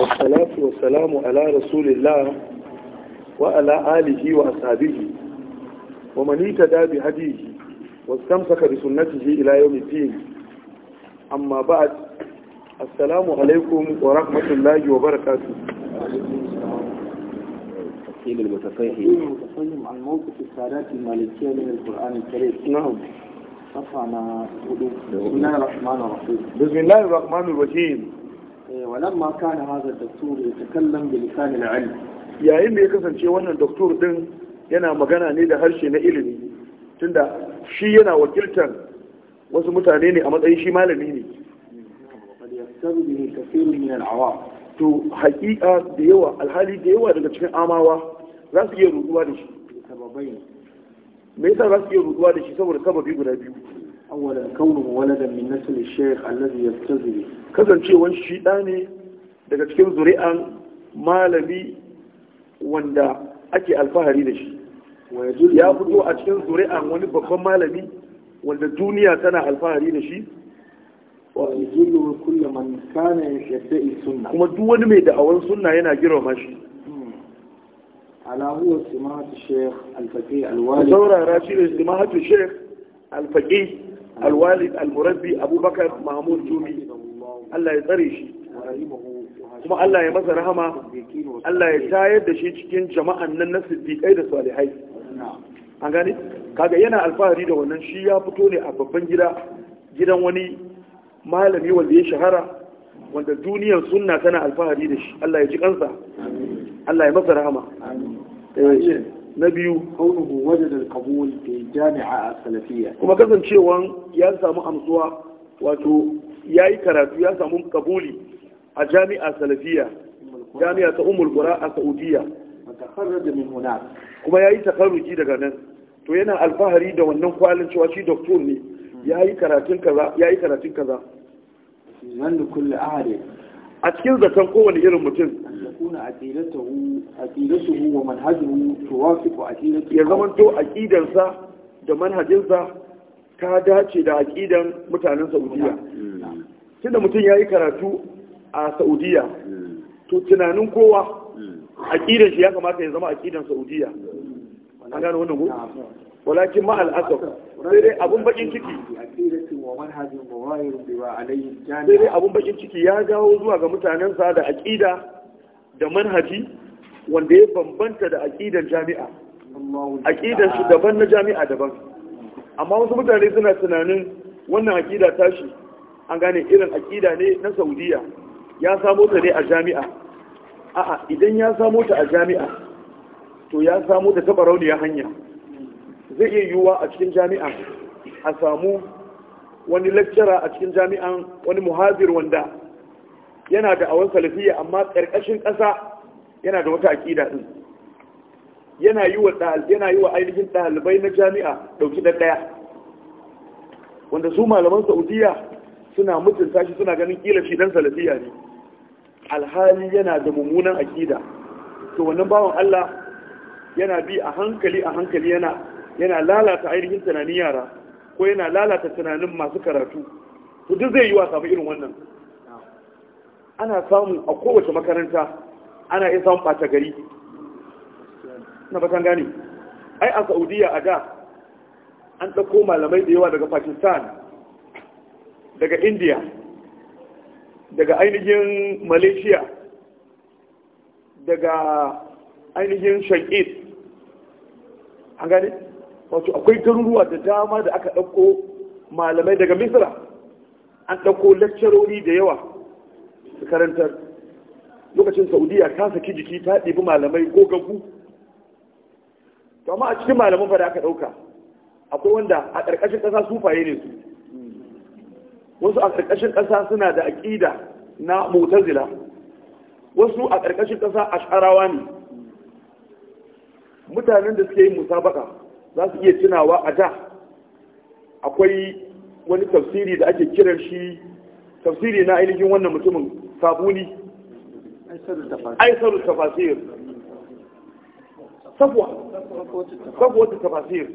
والصلاة والسلام على رسول الله وعلى آله وأصحابه ومن يتدى بهديه واستمسك بسنته إلى يوم الدين أما بعد السلام عليكم ورحمة الله وبركاته التفصيل المتفاهم المتفاهم عن موقف السادات المالكية من القرآن الكريم نعم صفحة بسم الله الرحمن الرحيم بسم الله الرحمن الرحيم ولما كان هذا الدكتور يتكلم na العلم yayin da ya kasance wannan doktor din yana magana ne da harshe na ilimi tunda shi yana wakiltar wasu mutane ne a matsayin shi malami ne to haƙiƙa da yawa alhali da yawa daga cikin amawa za su iya ruduwa da shi me yasa za su iya ruduwa da shi saboda sababi guda biyu awwalan kaunuhu waladan min nasl ash-shaykh alladhi yastazi kasancewar shi ne daga cikin zuri'an malami wanda ake alfahari da shi ya fito a cikin zuri'an wani babban malami wanda duniya tana alfahari da shi kuma duk wani mai da'awar sunna yana girma shi hmm. ala huwa sheikh al-faqih al-walid saurara shi ne simahatu sheikh al-faqih al-walid al-murabbi abubakar mahmud jumi Allah ya tsare shi kuma Allah ya masa rahama Allah ya tayar da shi cikin jama'an nan na siddiƙai da salihai an gani kaga yana alfahari da wannan shi ya fito ne a babban gida gidan wani malami wanda ya shahara wanda duniyar sunna tana alfahari da shi Allah ya ji kansa Allah ya masa rahama eh, na biyu kaunuhu wajen da kabuwa fi jami'a salafiya kuma kasancewan ya samu amsuwa wato ya yi karatu ya samu kabuli a jami'a salafiya jami'a ta umul a saudiya kuma ya yi takarruji daga nan to yana alfahari da wannan kwalin cewa shi doktor ne ya yi karatun kaza ya yi karatun kaza a cikin zaton kowane irin mutum ya zama to aqidansa da manhajinsa ta dace da aqidan mutanen Saudiya mm. tunda mutum ya yi karatu a saudiya to tunanin kowa aƙidan shi ya kamata ya zama aƙidan saudiya an gano wannan ko walakin ma'al asaf sai dai abun bakin ciki sai dai abun bakin ciki ya gawo zuwa ga sa da aƙida da manhaji wanda ya bambanta da aƙidan jami'a aƙidan shi daban na jami'a daban amma wasu mutane suna tunanin wannan aƙida tashi an gane irin akida ne na saudiya ya samo ta ne a jami'a a'a idan ya samo ta a jami'a to ya samo ta taɓa rauniya hanya zai iya yiwuwa a cikin jami'a a samu wani lecturer a cikin jami'an wani muhazir wanda yana da awon salafiya amma ƙarƙashin ƙasa yana da wata aƙida ɗin yana yi wa ainihin ɗalibai na jami'a ɗauki ɗaya wanda su malaman saudiya suna mutunta shi suna ganin kila shi dan salafiya ne alhali yana da mummunan akida to wannan bawan Allah yana bi a hankali a hankali yana yana lalata ainihin tunanin yara ko yana lalata tunanin masu karatu to duk zai yi wa samu irin wannan ana samu a kowace makaranta ana iya samun gari na batan gane ai a saudiya a da an ɗauko malamai da yawa daga pakistan daga india daga ainihin malaysia daga ainihin shakit an gane wato akwai garuruwa da dama da aka ɗauko malamai daga misra an ɗauko lakcarori da yawa su karantar lokacin saudiya ta saki jiki ta ɗibi malamai ko To amma a cikin malamai fada aka ɗauka akwai wanda a ƙarƙashin ƙasa sufaye ne su wasu a ƙarƙashin ƙasa suna da aƙida na mutazila wasu a ƙarƙashin ƙasa a sharawa ne mutanen da suke yin musabaka za su iya tunawa a da akwai wani tafsiri da ake kiran shi tafsiri na ainihin wannan mutumin sabuni aisaru tafasir safuwa safuwa tafasir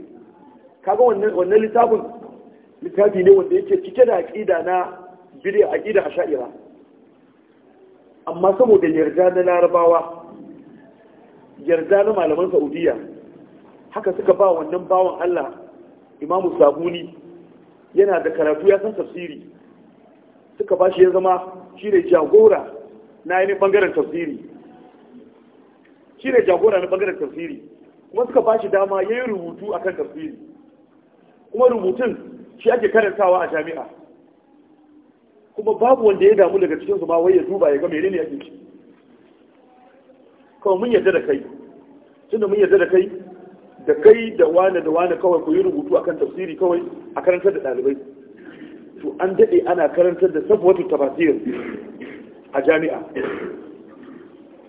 kaga wannan littafin littafi ne wanda yake cike da aƙida na bid'a aƙida a sha'ira amma saboda yarda na larabawa yarda na malaman saudiya haka suka ba wannan bawan allah imamu sabuni yana da karatu ya san tafsiri suka ba shi ya zama shi ne jagora na yi bangaren tafsiri shi ne jagora na bangaren tafsiri kuma suka ba shi dama ya yi rubutu akan tafsiri kuma rubutun shi ake karantawa a jami'a kuma babu wanda ya damu daga cikinsu ma wai ya duba ya ga menene yake ci kawai mun yarda da kai tunda mun yarda da kai da kai da wane da wane kawai ku yi rubutu akan tafsiri kawai a karantar da ɗalibai to an daɗe ana karantar da sabuwatu tafasir a jami'a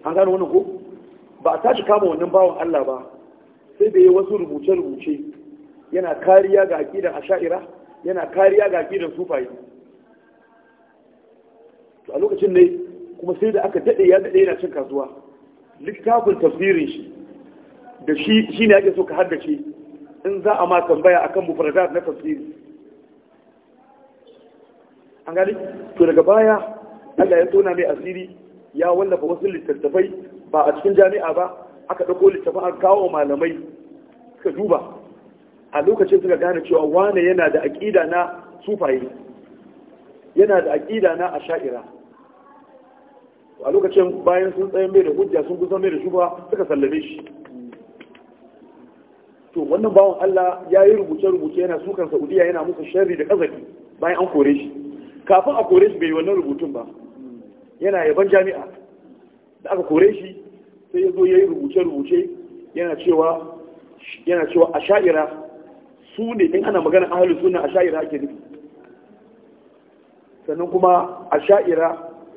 an gano wani ko ba a tashi kama wannan bawan Allah ba sai da yi wasu rubuce-rubuce yana kariya ga aƙidan asha'ira yana kariya ga gidan sufaye to a lokacin ne kuma sai da aka daɗe ya daɗe yana cin kasuwa littafin tafsirin shi da shi shi ne ake so ka haddace in za a ma tambaya akan mufradat na tafsiri an gani to daga baya Allah ya tona mai asiri ya wallafa wasu littattafai ba a cikin jami'a ba aka ɗauko littafin an kawo malamai suka duba a lokacin suka gane cewa wane yana da aƙida na sufaye yana da aƙida na asha'ira a lokacin bayan sun tsaye mai da hujja sun kusan mai da shuba suka sallame shi to wannan bawan Allah ya yi rubuce-rubuce yana sukan Saudiya yana musu sharri da kazaki bayan an kore shi kafin a kore shi bai wannan rubutun ba yana yaban jami'a da aka kore shi sai ya zo ya yi rubuce-rubuce yana cewa a sha'ira su ne in ana magana ahalus suna a sha'ira ake nufi sannan kuma a sha'ira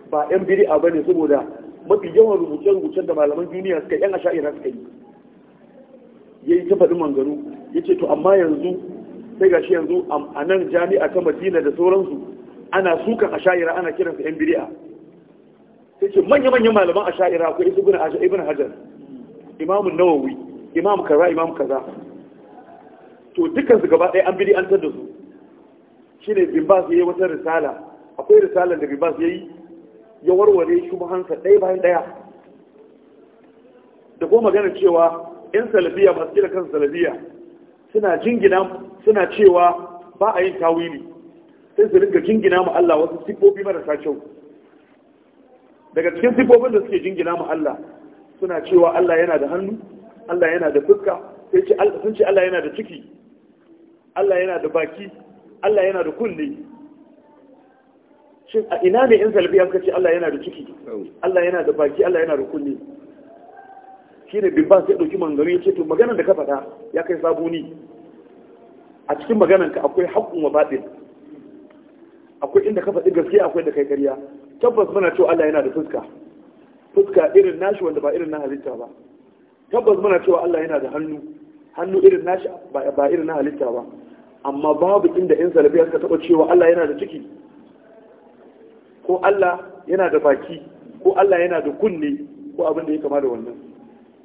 ba yan a bane saboda mafi yawan rubuce-rubucen da malaman duniya suka yan a sha'ira suka yi Ya yi ta faɗi Ya ce to amma yanzu sai gashi yanzu a nan jami'a ta Madina da sauransu ana sukan a sha'ira ana kiransu yan a sai ce manya-manyan malaman a sha'ira akwai ibn hajar imamun nawawi imam kaza imam kaza to dukkan su gaba ɗaya an bidi an da su Shi ne bimbas ya yi wata risala akwai risalar da bimbas ya yi ya warware shi hansa ɗaya bayan ɗaya da kuma magana cewa yan salafiya masu kira kan salafiya suna jingina suna cewa ba a yin tawili sai su rinka jingina ma Allah wasu siffofi marasa kyau daga cikin siffofin da suke jingina ma Allah suna cewa Allah yana da hannu Allah yana da fuska sai sun ce Allah yana da ciki Allah yana da baki Allah yana da kunne shin a ina ne in salbiya an kace Allah yana da ciki Allah yana da baki Allah yana da kunne shi ne bin ba sai ɗauki mangano ya ce to maganar da ka faɗa ya kai sabuni a cikin maganar ka akwai haƙƙun wa baɗin akwai inda ka faɗi gaskiya akwai da kai ƙarya tabbas muna cewa Allah yana da fuska fuska irin nashi wanda ba irin na halitta ba tabbas muna cewa Allah yana da hannu hannu irin nashi ba irin na halitta ba amma babu inda in salafiya suka taɓa cewa Allah yana da ciki ko Allah yana da baki ko Allah yana da kunne ko abin da ya kama da wannan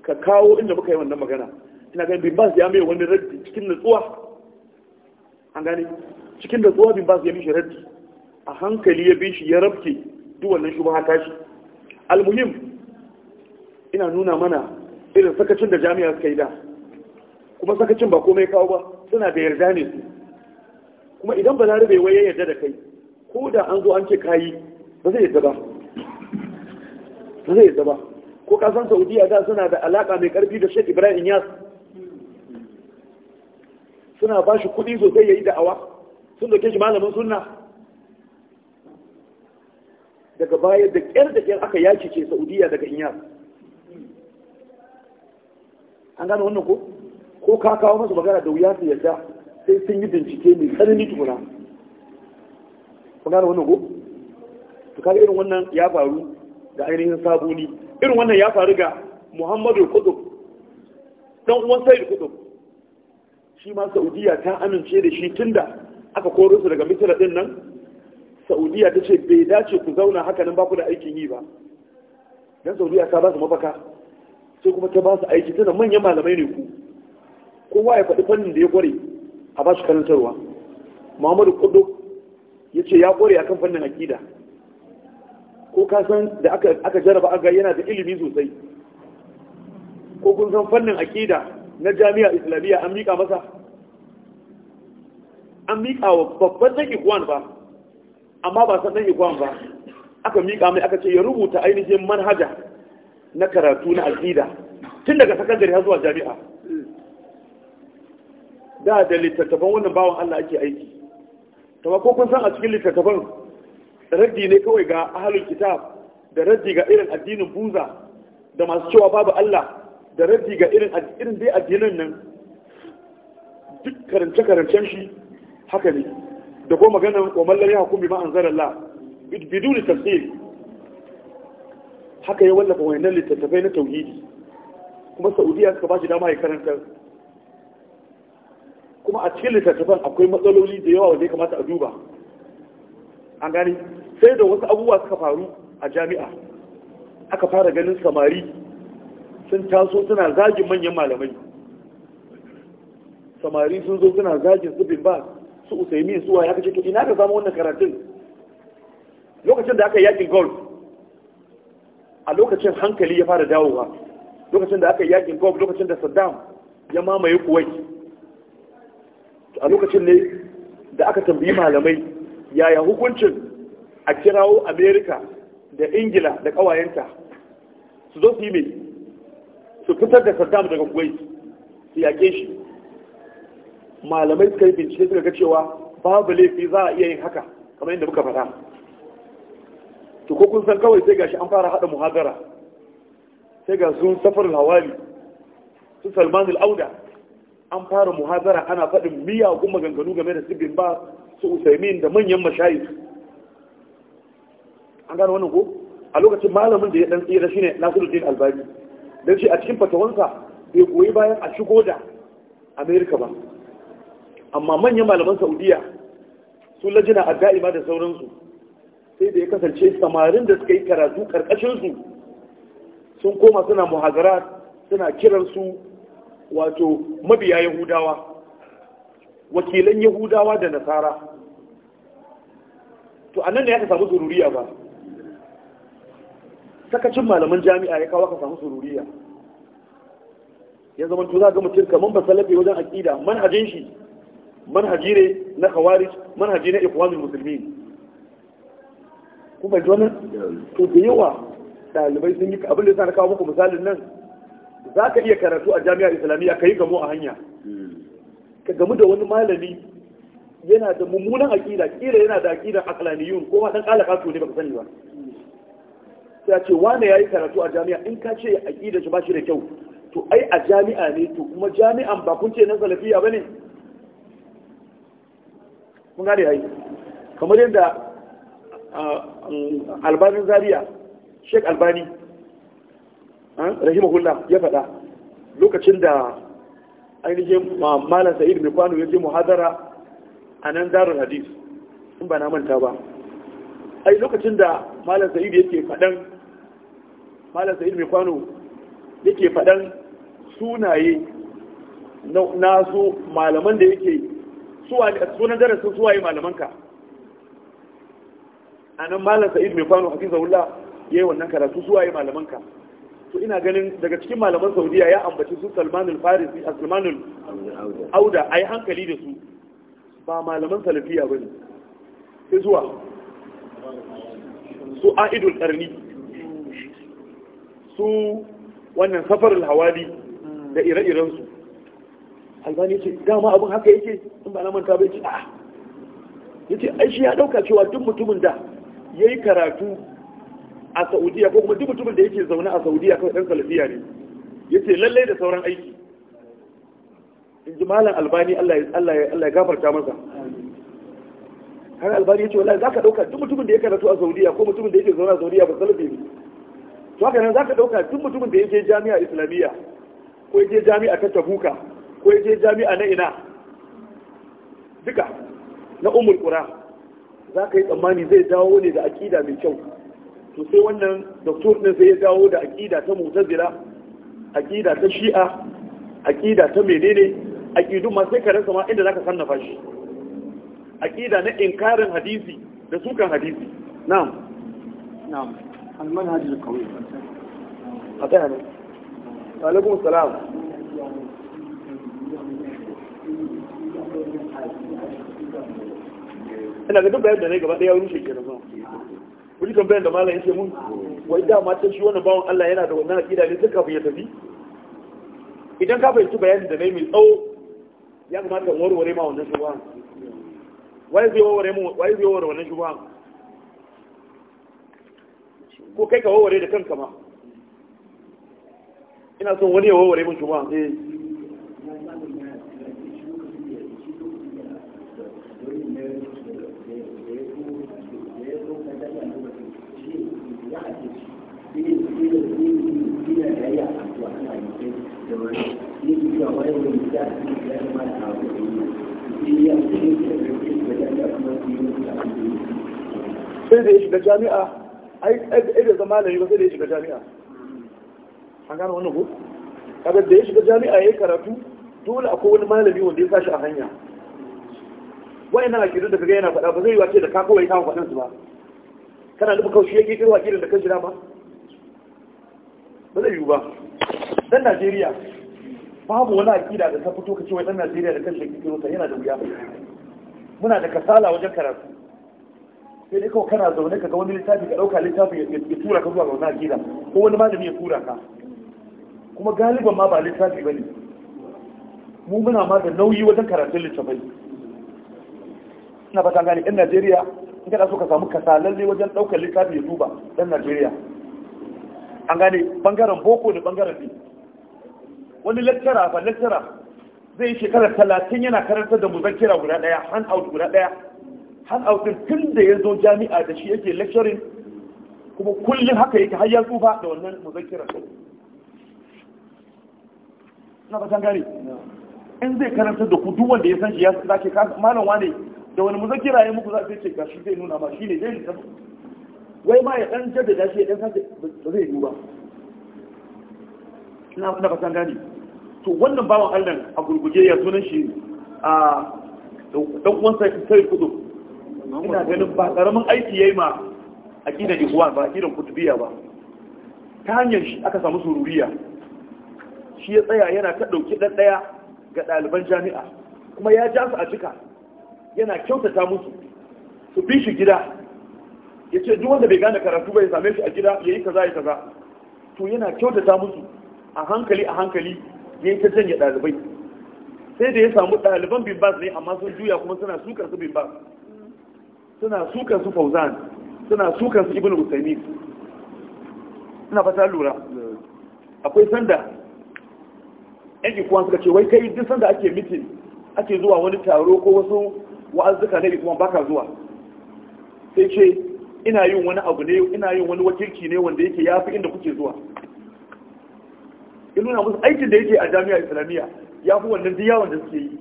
ka kawo inda muka yi wannan magana ina ganin bin bas ya mai wani raddi cikin natsuwa an gane cikin natsuwa bin bas ya mishi raddi a hankali ya bin shi ya rabke duk wannan shubha tashi almuhim ina nuna mana irin sakacin da jami'a suka yi da kuma sakacin ba komai kawo ba suna da yarda ne su kuma idan ba larabe wai ya yarda da kai ko da an zo an ce kayi ba zai yarda ba ba zai yarda ba ko ka san saudiya da suna da alaka mai karfi da shek ibrahim yas suna ba shi kudi sosai ya yi da'awa sun doke shi malamin sunna daga baya da kyar da kyar aka yaki ce saudiya daga inyas an gano wannan ko ko ka kawo masu magana da wuya su yarda sai sun yi bincike mai tsanani tukuna ku gane wannan ko to kaga irin wannan ya faru da ainihin sabuni irin wannan ya faru ga muhammadu kudu dan uwan sayyid kudu shi ma saudiya ta amince da shi tunda aka koro su daga misira din nan saudiya ta ce bai dace ku zauna haka nan ba ku da aikin yi ba dan saudiya ta ba su mafaka sai kuma ta ba su aiki tana manyan malamai ne ku kowa ya faɗi fannin da ya kware a ba su karantarwa muhammadu kudu ya ce ya kore akan fannin akida ko ka san da aka jaraba aga yana da ilimi sosai ko kun san fannin akida na jami'a islamiyya an miƙa masa an miƙa wa babban ɗan ikwan ba amma ba san ɗan ikwan ba aka miƙa mai aka ce ya rubuta ainihin manhaja na karatu na akida tun daga sakandare har zuwa jami'a da da littattafan wannan bawan Allah ake aiki to ko kun san a cikin littattafan raddi ne kawai ga ahlul kitab da raddi ga irin addinin buza da masu cewa babu Allah da raddi ga irin addinin dai addinin nan duk karance karancen shi haka ne da ko magana wa mallari ma'an zarar la bidu biduni tafsir haka ya wallafa wayannan littattafai na tauhidi kuma saudiya suka ba shi dama ya karanta kuma a cikin littattafan akwai matsaloli da yawa wanda ya kamata a duba an gani sai da wasu abubuwa suka faru a jami'a aka fara ganin samari sun taso suna zagin manyan malamai samari sun zo suna zagin su Bimba, ba su usaimi su waya kace to ina ka zama wannan karatun lokacin da aka yi yakin golf a lokacin hankali ya fara dawowa lokacin da aka yi yakin golf lokacin da Saddam ya mamaye Kuwait a lokacin ne da aka tambayi malamai yaya hukuncin a kirawo amerika da ingila da ƙawayenta su zo su yi mai su fitar da saddam daga kuwait su yaƙe shi malamai suka yi bincike suka ga cewa babu laifi za a iya yin haka kamar yadda muka faɗa to ko kun san kawai sai gashi an fara haɗa muhadara sai ga sun safar lawali su salman al'auda an fara muhazara ana faɗin miyagun maganganu game da sibin ba su usaimin da manyan mashayi. an gano wannan ko a lokacin malamin da ya dan tsira shine nasiruddin albani Don shi a cikin fatawansa bai goyi bayan a shigo da amerika ba amma manyan malaman saudiya sun lajina a da'ima da sauransu sai da ya kasance samarin da suka yi karatu karkashinsu sun koma suna muhazara suna kiran su wato mabiya yahudawa wakilan yahudawa da nasara to annan ne ya samu zururiya ba sakacin malaman jami'a ya kawo ka samu zururiya ya zama to za ga mutum kaman ba salafi wajen aqida manhajin shi manhaji ne na khawarij manhaji na ikhwanul muslimin Kuma jona to da yawa dalibai sun yi abin da yasa na kawo muku misalin nan za ka iya karatu a jami'ar islamiyya ka yi gamo a hanya ka gamu da wani malami yana da mummunan aƙida ƙila yana da aƙidan akalaniyun ko ma ɗan ƙalaka su ne baka sani ba ta ce wane ya yi karatu a jami'a in ka ce aƙidan shi ba shi da kyau to ai a jami'a ne to kuma jami'an ba kun ce na salafiya ba ne kun gane yi kamar yadda ah, albanin Zariya, sheik albani rahimahullah ya faɗa lokacin da ainihin malam sa'id mai kwano ya je muhadara a nan darul hadis in ba na manta ba ai lokacin da malam sa'id ke faɗan malam sa'id mai kwano ya ke faɗan sunaye na su malaman da yake sunan darasin suwaye malamanka a nan malam sa'id mai kwano hafizahullah ya yi wannan karatu suwaye malamanka to ina ganin daga cikin malaman saudiya ya ambaci su salmanul farisi a salmanul auda a yi hankali da su ba malaman salafiya ba ne sai zuwa su a'idul karni su wannan safarul hawali da ire-irensu albani ce dama abin haka yake in ba na manta bai ce a'a yace ai shi ya dauka cewa duk mutumin da yayi karatu a saudiya ko kuma duk mutumin da yake zaune a saudiya kawai dan salafiya ne yace lallai da sauran aiki in ji malam albani allah ya gafarta masa har albani ya ce wallahi za ka ɗauka duk mutumin da ya karatu a saudiya ko mutumin da yake zaune a saudiya ba salafi ne to haka nan za ka ɗauka duk mutumin da ya je jami'a islamiyya ko ya je jami'a ta tabuka ko ya je jami'a na ina duka na umul qura za ka yi tsammani zai dawo ne da aƙida mai kyau to sai wannan doktor ɗin sai ya dawo da aƙida ta mu'tazila aƙida ta shi'a aƙida ta menene aƙidu ma sai ka sama ma inda zaka sannafa shi aƙida na inkarin hadisi da sukan hadisi na'am na'am al-manhaj al A hada ne wa salam ina ga duk bayan da ne gaba ɗaya wurin shekaru kan bayan da malam yake mun wai ma ta shi wannan bawon Allah yana da wannan aqida ne duka bai tafi idan ka fahimci bayani da nayi mai tsawo ya kamata in warware ma wannan shugaban wai zai warware mu wai zai warware wannan shugaban ko kai ka warware da kanka ma ina son wani ya warware mun shugaban. eh sai da ya shiga jami'a ai da zama da yi ba sai da ya shiga jami'a an gano wannan ko kaga da ya shiga jami'a ya yi karatu dole akwai wani malami wanda ya sashi a hanya wani wayannan akidu da kaga yana faɗa ba zai yi wace da ka kawai kawo faɗin su ba kana nufin kawai shi ya kirkiro akidin da kan jira ba ba zai yiwu ba dan najeriya babu wani akida da ta fito ka wai dan najeriya da kanshi kiro rota yana da wuya muna da kasala wajen karatu sai dai kawai kana zaune ka ga wani littafi ka ɗauka littafi ya tura ka zuwa ga wani akida ko wani malami ya tura ka kuma galiban ma ba littafi ba ne mu muna ma da nauyi wajen karatun littafai ina ta gani ɗan najeriya in kana so ka samu kasalalle wajen ɗaukar littafi ya duba ɗan najeriya an gane bangaren boko da bangaren bi wani lecturer ba lecturer zai yi shekarar talatin yana karantar da muzakira guda daya hand out guda daya hand out din tun da ya zo jami'a da shi yake lecturing kuma kullum haka yake har ya tsufa da wannan muzakira na basan gari in zai karantar da ku duk wanda ya san shi ya zake malam wane da wani muzakira ya muku za ce gashi zai nuna ma ne zai wai ma ya dan da shi ya dan sake ba zai yiwu ba ina kuna fasan gani to wannan bawan Allah a gurguje ya sunan shi a dan uwan sai sai kudu ina ganin ba karamin aiki yayi ma aqidar ihwan ba aqidar biya ba ta hanyar shi aka samu sururiya shi ya tsaya yana ta ɗauki ɗan ɗaya ga ɗaliban jami'a kuma ya ja su a cika. yana kyautata musu su bi shi gida ya ce duk wanda bai gane karatu ba ya same shi a gida ya yi kaza ya kaza to yana kyautata musu a hankali a hankali ya yi ta janye ɗalibai sai da ya samu ɗaliban bin bas ne amma sun juya kuma suna sukar su bin bas suna sukar su fauzan suna sukar su ibn usaimi suna fata lura akwai sanda yan ikuwan suka ce wai kai duk sanda ake mitin ake zuwa wani taro ko wasu wa'azzuka na ikuwan baka zuwa sai ce ina yin wani abu ne ina yin wani wakilci ne wanda yake ya fi inda kuke zuwa Ina nuna musu aikin da yake a jami'a islamiyya ya fi wannan diyawan da suke yi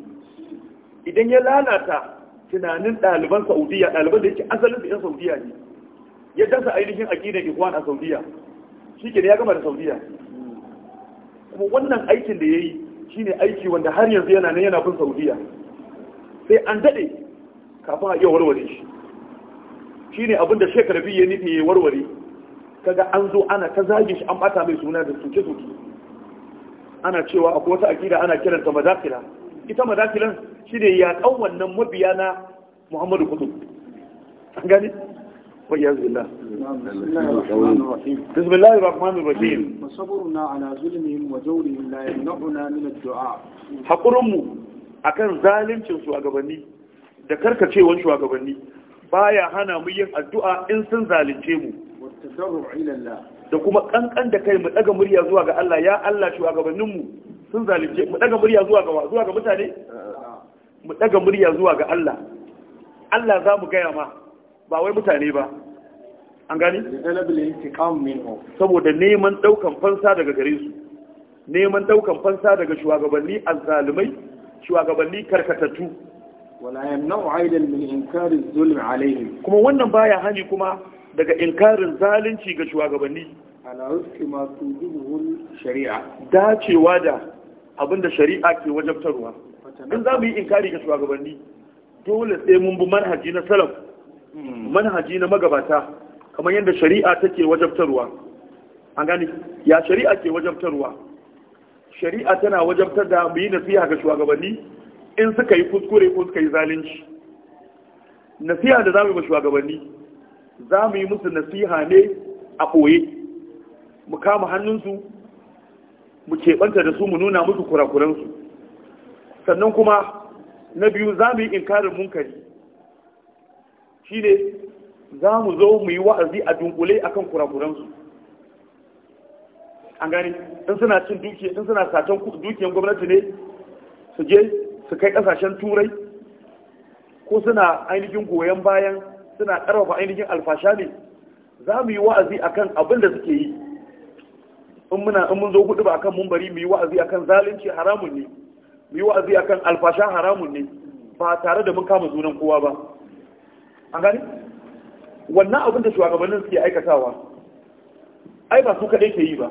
idan ya lalata tunanin ɗaliban saudiya ɗaliban da yake asalin su 'yan saudiya ne ya dasa ainihin aƙidar ikwan a saudiya shi ke ya gama da saudiya kuma wannan aikin da ya yi shi ne aiki wanda har yanzu yana nan yana bin saudiya sai an daɗe kafin a iya warware shi shi abin da shekara biyu ya nufi ya warware kaga an zo ana ta zage shi an bata mai suna da suke suke ana cewa akwai wata akida ana kiranta madakila ita madakilan ne ya kan wannan mabiya na Muhammadu Kudu. an gane وإياذ بالله بسم الله الرحمن الرحيم وصبرنا على ظلمهم وجورهم لا يمنعنا من الدعاء حقرمو akan zalincin shugabanni da karkacewar shugabanni baya hana mu yin addu'a in sun zalunce mu da kuma kankan da kai mu daga murya zuwa ga Allah ya Allah shugabannin mu sun zalunce mu daga murya zuwa ga zuwa ga mutane mu daga murya zuwa ga Allah Allah za mu gaya ma ba wai mutane ba an gani saboda neman daukan fansa daga gare su neman daukan fansa daga shugabanni azzalumai shugabanni karkatattu wala yamna'u aidan min inkari zulm alaihim kuma wannan baya hani kuma daga inkarin zalunci ga shugabanni ala rufi ma tujibuhul shari'a dacewa da abinda shari'a ke wajabtarwa in za mu yi inkari ga shugabanni dole sai mun bi manhaji na salaf manhaji na magabata kamar yadda shari'a take wajabtarwa an gani ya shari'a ke wajabtarwa shari'a tana wajabtar da mu yi nasiha ga shugabanni in suka yi kuskure ko suka yi zalunci nasiha da zamu yi ba shugabanni zamu yi musu nasiha ne a koye mu kama hannunsu mu keɓanta da su mu nuna musu kurakuransu sannan kuma na biyu za mu yi inkarin munkari shine za mu zo mu yi wa'azi a dunkule akan kurakuransu an gani in suna cin dukiya in suna satan dukiyan gwamnati ne su je su kai kasashen turai ko suna ainihin goyon bayan suna karfafa ainihin alfasha ne za mu yi wa'azi akan abin da suke yi in muna in mun zo hudu ba akan bari mu yi wa'azi akan zalunci haramun ne mu yi wa'azi akan alfasha haramun ne ba tare da mun kama zunan kowa ba an gani wannan abin da shugabannin suke aikatawa ai ba su kaɗai ke yi ba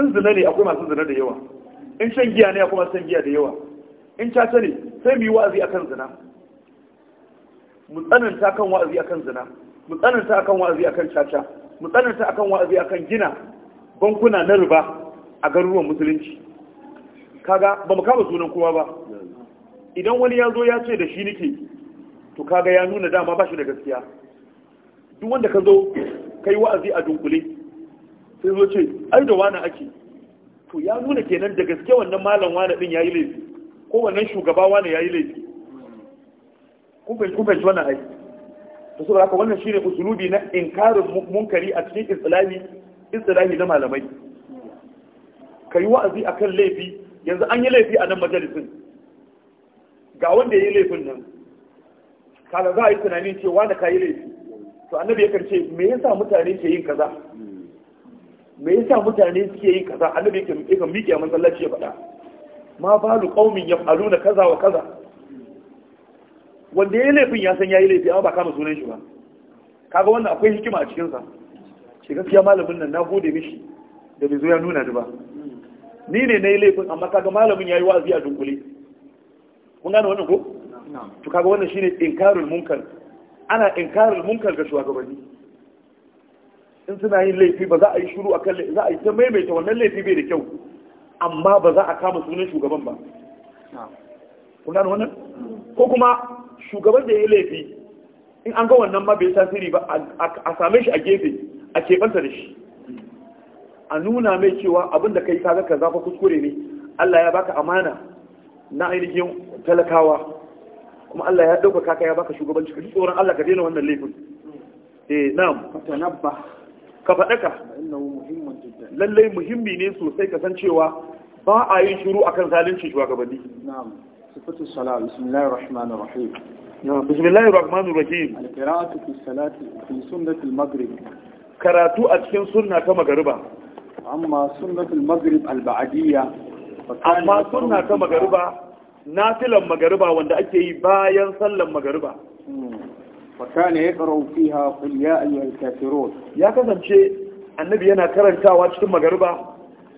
in zina ne akwai masu zina da yawa in shan giya ne akwai masu shan giya da yawa in caca ne sai mu yi wa'azi akan zina mu tsananta kan wa'azi akan zina mu tsananta akan wa'azi akan caca mu tsananta akan wa'azi akan gina bankuna na riba a garuruwan musulunci kaga ba mu kama sunan kowa ba idan wani ya zo ya ce da shi nake to kaga ya nuna dama ba shi da gaskiya duk wanda ka zo kai wa'azi a dunkule sai zo ce ai da wani ake to ya nuna kenan da gaske wannan malam wani din yi laifi ko wannan wane ya yi laifi Kuma bai kun wannan ai to saboda haka wannan shine usulubi na inkarin munkari a cikin islami islami na malamai kai wa'azi akan laifi yanzu an yi laifi a nan majalisin ga wanda yayi laifin nan kaga za a yi tunanin cewa da yi laifi to annabi ya karce me yasa mutane ke yin kaza hmm. me yasa mutane suke yin kaza annabi ya kan miƙe a masallaci ya faɗa ma ya falu na kaza wa kaza wanda ya yi laifin ya san ya yi laifi ya ba kama sunan shi ba kaga wannan akwai hikima a cikinsa. shi gaskiya malamin nan na gode mishi da bai zo ya nuna da ba ni ne na yi laifin amma kaga malamin ya yi wa'azi a dunkule kun gane wannan ko to kaga wannan shine inkarul munkar ana inkarul munkar ga shugabanni in suna yin laifi ba za a yi shiru akan za a yi ta maimaita wannan laifi bai da kyau amma ba za a kama sunan shugaban ba Kuna da wannan ko kuma shugaban da ya laifi in an ga wannan ma bai tasiri ba a same shi a gefe a kebanta da shi a nuna mai cewa abin da kai kaga kaza zafa kuskure ne Allah ya baka amana na ainihin talakawa kuma Allah ya dauka kaka ya baka shugabanci ka tsoron Allah ka daina wannan laifin hmm. eh na'am fatanabba ka faɗaka innahu muhimmun lallai muhimmi ne sosai kasancewa ba a yin shiru akan zalunci shugabanni na'am sifatu salat bismillahir rahmanir rahim na'am bismillahir rahmanir rahim al-qira'atu fi salati fi sunnatil maghrib karatu a cikin sunna ta magariba amma sunnatul maghrib al-ba'diyya amma sunna ta magariba nafilan magariba wanda ake yi bayan sallan magariba fakane hmm. ya karo fiha kafirun ya kasance annabi yana karantawa cikin magariba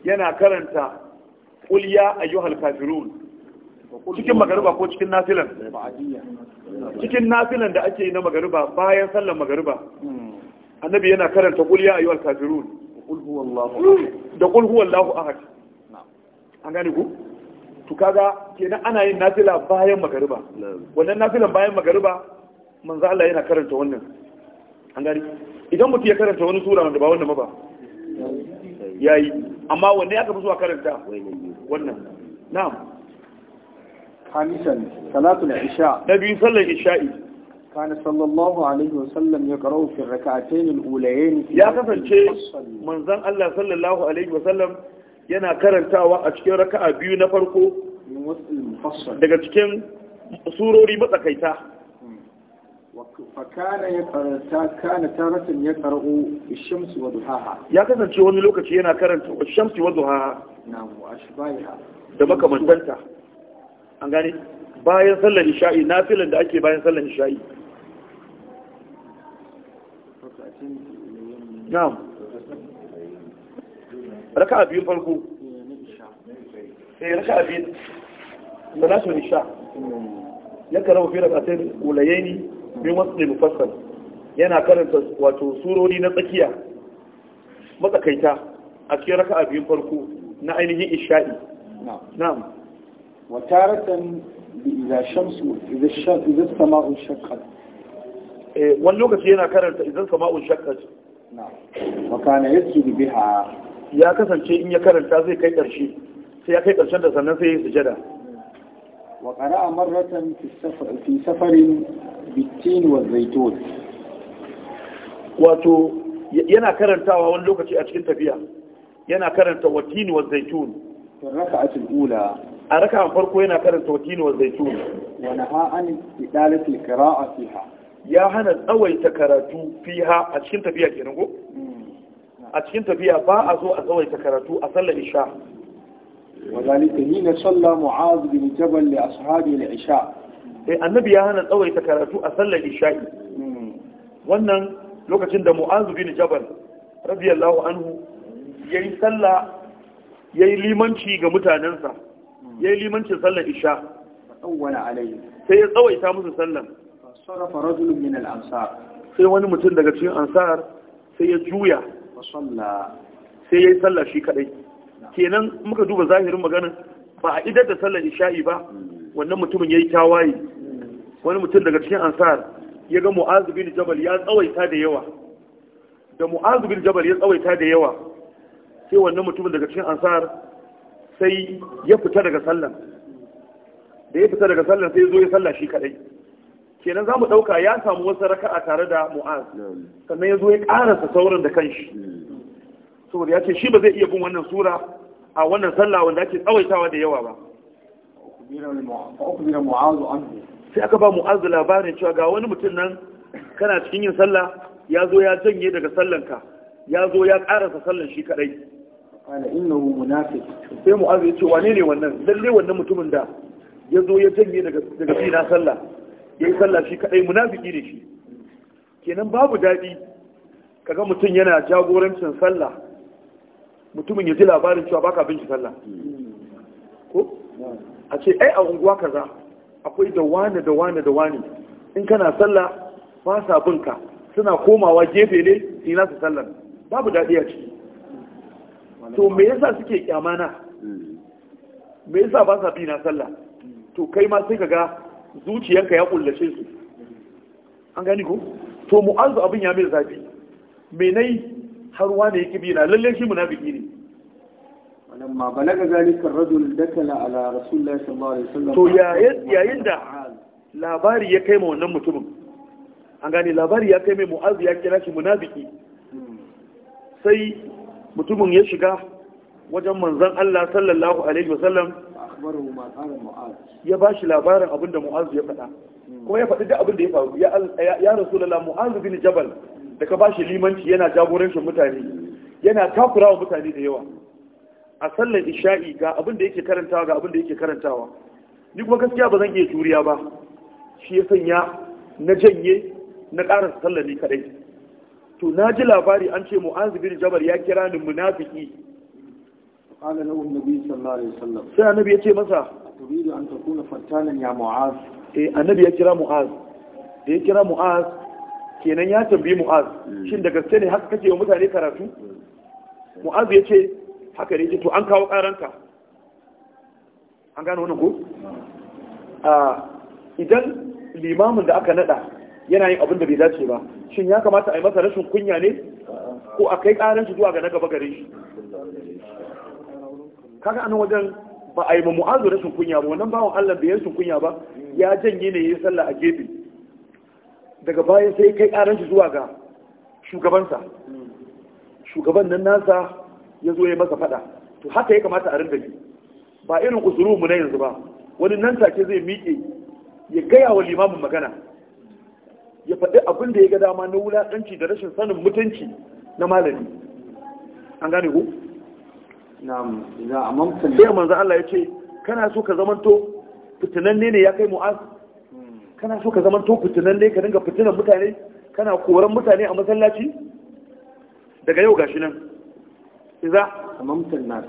yana karanta qul ya ayyuhal kafirun cikin magariba ko cikin nafilan cikin nafilan da ake yi na magariba bayan sallar magariba annabi yana karanta qul ya ayyuhal kafirun da qul huwallahu ahad an gane ku to kaga kenan ana yin nafila bayan magariba wannan nafilan bayan magariba manzo Allah yana karanta wannan hangari idan mutum ya karanta wani sura wanda ba wanda ba yayi amma wanda ya tafi zuwa karanta wannan na'am nabi sallallahu alaihi wasallam ya fi rak'atayn al-ulayayn ya kasance manzon Allah sallallahu alaihi wasallam yana karantawa a cikin raka'a biyu na farko daga cikin surori matsakaita ya kasance wani lokaci yana karanta shamsi wa duhaha da makamantanta an gane bayan sallar isha'i filin da ake bayan sallar isha'i na'am abin biyu farko sai eh, raka'a biyu da nasu isha ya karawa fi raka'atai ulayeni wasu wasl mufassal yana karanta wato surori na tsakiya matsakaita a cikin raka'a biyun farko na ainihin isha'i na'am wa taratan bi idza shamsu idza shamsu idza sama'u shaqqat eh wani lokaci yana karanta idan sama'u shaqqat na'am wa kana yasjudu biha ya kasance in ya karanta zai kai karshe sai ya kai karshen da sannan sai ya sujada wa qara'a marratan fi safar fi safarin bitin wa zaitun wato yana karantawa wani lokaci a cikin tafiya yana karanta watini wa zaitun raka a ula a raka farko yana karanta watini wa zaitun wani ha'an idalatul qira'a fiha ya hana tsawaita karatu fiha a cikin tafiya kenan ko a cikin tafiya ba a zo a tsawaita karatu a sallar isha Sallah حين صلى معاذ بن جبل لأصحابه Isha. sai eh, annabi ya hana tsawaita karatu a sallar isha'i wannan lokacin da mu'azu bin jabal radiyallahu anhu yayi sallah yayi limanci ga mutanansa yayi limancin sallar isha awwala alayhi sai ya tsawaita musu sallan sarafa min al-ansar sai wani mutum daga cikin ansar sai ya juya wa salla sai yayi sallah shi kadai kenan muka duba zahirin maganar ba a idar da sallar isha'i ba hmm. wannan mutumin yayi tawaye wani mutum daga cikin ansar ya ga mu'azu bin jabal ya tsawaita da yawa da mu'azu bin jabal ya tsawaita da yawa sai wannan mutumin daga cikin ansar sai ya fita daga sallan da ya fita daga sallan sai ya zo ya salla shi kadai kenan za mu ɗauka ya samu wasu raka'a tare da mu'az sannan ya zo ya ƙarasa sauran da kanshi saboda ya ce shi ba zai iya bin wannan sura a wannan sallah wanda ake tsawaitawa da yawa ba sai aka ba mu'azu labarin cewa ga wani mutum nan kana cikin yin sallah ya zo ya janye daga sallanka ya zo ya karasa sallan shi kadai ana hu munafiq sai mu'azu ya ce wane ne wannan lalle wannan mutumin da ya zo ya janye daga daga fina sallah yayi sallah shi kadai munafiki ne shi kenan babu dadi kaga mutum yana jagorancin sallah mutumin ya ji labarin cewa baka bin shi sallah hmm. ko a ce ai a unguwa kaza akwai da wane da wane da wane in kana sallah ba sa suna komawa gefe ne sai na su sallar babu daɗi a ciki to me yasa suke kyamana me yasa ba sa bi na sallah to kai ma sai ka ga zuciyanka ya kullace su an gani ko to mu'azu abin ya mai zafi me nai har wane yake bi na lalle shi munafiki ne lamma balaga zalika rajul dakala ala rasulullahi sallallahu alaihi wasallam to yayin da labari ya kai ma wannan mutumin an gane labari ya kai mai mu'azu ya kira shi munafiki hmm. sai mutumin ya shiga wajen manzon Allah sallallahu alaihi wasallam ya ba shi labarin abin da mu'azu ya faɗa hmm. kuma ya faɗi da abin da ya faru ya rasulullah mu'azu bin jabal da ka ba shi limanci yana jagorancin mutane yana takura wa mutane da yawa a sallar isha'i ga abin da yake karantawa ga abin da yake karantawa ni kuma gaskiya ba zan iya juriya ba shi ya sanya na janye na ƙara sallar ni kadai to na ji labari an ce mu'az bin jabal ya kira ni munafiki qala lahu sallallahu alaihi wasallam sai annabi ya ce masa turidu an takuna fattanan ya mu'az eh annabi ya kira mu'az da ya kira mu'az kenan ya tambayi mu'az hmm. shin da gaske ne haka kake wa mutane karatu hmm. mu'az ya ce haka ne to an kawo karanta an gano wani ko idan limamin da aka nada yana yin abin da bai dace ba shin ya kamata a yi masa rashin kunya ne ko a kai karan shi zuwa ga na gaba gare shi kaga anan wajen ba a yi ma mu'azu rashin kunya ba wannan bawan Allah bai rashin kunya ba ya janye ne yayin sallah a gefe daga bayan sai kai karan shi zuwa ga shugabansa shugaban nan nasa ya zo ya masa fada to haka ya kamata a rinda yi ba irin usuru mu na yanzu ba wani nan take zai miƙe ya gaya wa limamin magana ya faɗi abin da ya ga dama na wulaƙanci da rashin sanin mutunci na malami an gane ku? na'am idan amamta sai manzo Allah ya ce kana so ka zamanto fitinanne ne ya kai mu'az kana so ka zamanto fitinanne ka dinga fitinan mutane kana koran mutane a masallaci daga yau gashi nan idza amamtan nas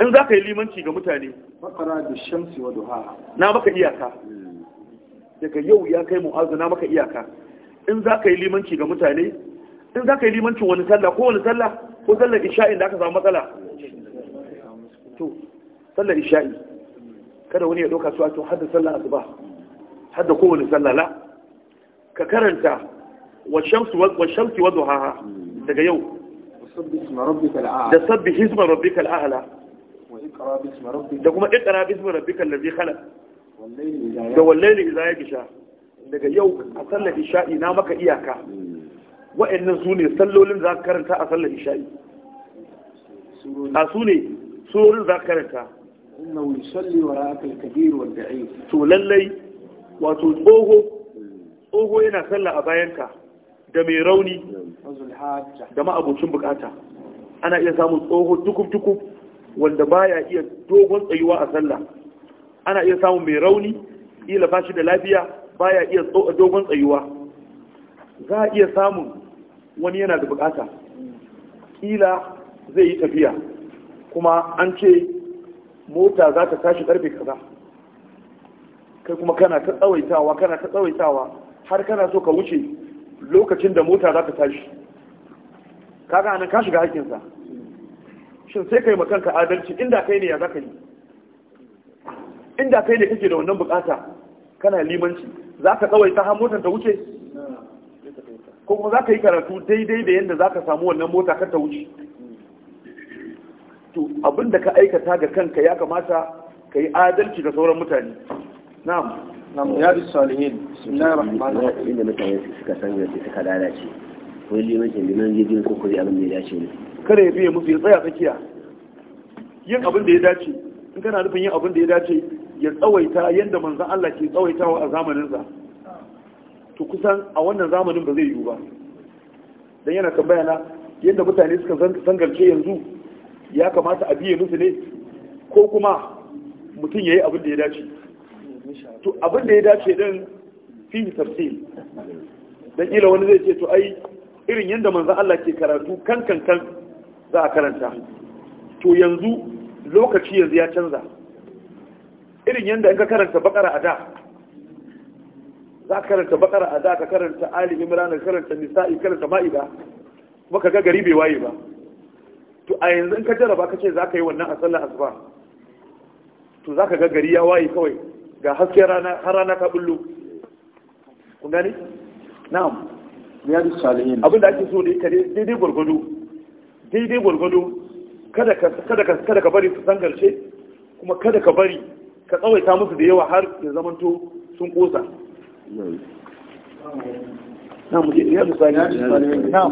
in za ka yi limanci ga mutane faqara da shamsi wa duha na maka iyaka daga yau ya kai mu'azu na maka iyaka in za ka yi limanci ga mutane in za ka yi limancin wani sallah ko wani sallah ko sallar isha'i da aka samu matsala to sallar isha'i kada wani ya ɗauka su a to hadda sallar asuba hadda kowane sallah la ka karanta wa shamsi wa duha daga yau da sabbi hisma rabbika al'ala da kuma ikra bismi rabbika allazi khalaq da wallahi idza yaksha daga yau a sallar isha'i na maka iyaka hmm. wa'annan su ne sallolin za ka karanta a sallar isha'i a su ne surorin za ka karanta innahu yusalli wa ra'aka al-kabir wa da'if to lallai wato tsoho hmm. tsoho yana sallah a bayanka da mai rauni da ma'abocin bukata ana iya samun tsoho tukub-tukub wanda baya iya dogon tsayuwa a sallah ana iya samun mai rauni ila bashi da lafiya baya iya dogon tsayuwa za a iya samun wani yana da bukata ila zai yi tafiya kuma an ce mota za ta tashi karfe kaza kai kuma kana ta tsawaitawa kana ta tsawaitawa har kana so ka wuce lokacin da mota za ta tashi kaga anan ka shiga hakinsa. shin sai kai makanka adalci inda kai ne ya za ka yi inda kai ne kake da wannan bukata kana limanci za ka tsawai ta har motar ta wuce ko kuma za ka yi karatu daidai da yadda za ka samu wannan mota kar ta wuce to abin da ka aikata ga kanka ya kamata ka yi adalci ga sauran mutane na'am na muyadu salihin bismillahir rahmanir rahim inda mutane suka san suka lalace ko limanci liman jirgin ko kuri abin da ya dace ne kare biye musu ya tsaya tsakiya yin abin da ya dace in kana nufin yin abin da ya dace ya tsawaita yadda manzan Allah ke tsawaitawa a zamaninsa to kusan a wannan zamanin ba zai yiwu ba don yana kan bayana yadda mutane suka zangarce yanzu ya kamata a biye musu ne ko kuma mutum ya yi abin da ya dace to abin da ya dace din fi tafsir dan kila wani zai ce to ai irin yadda manzo Allah ke karatu kan kan kan za a karanta to yanzu lokaci yanzu ya canza irin yadda in ka karanta bakara a da za ka karanta bakara a da ka karanta ali imran ka karanta nisa'i karanta ma'ida kuma ka ga gari bai waye ba to a yanzu in ka jaraba ka ce za ka yi wannan a sallar asuba to za ka ga gari ya waye kawai ga hasken rana har rana ka bullo kun gani na'am ya bi salihin abin da ake so ne ita daidai gwargwado daidai gwargwado kada ka kada ka kada ka bari su sangarce kuma kada ka bari ka tsawaita musu da yawa har ya zamanto sun kosa na'am ya bi salihin na'am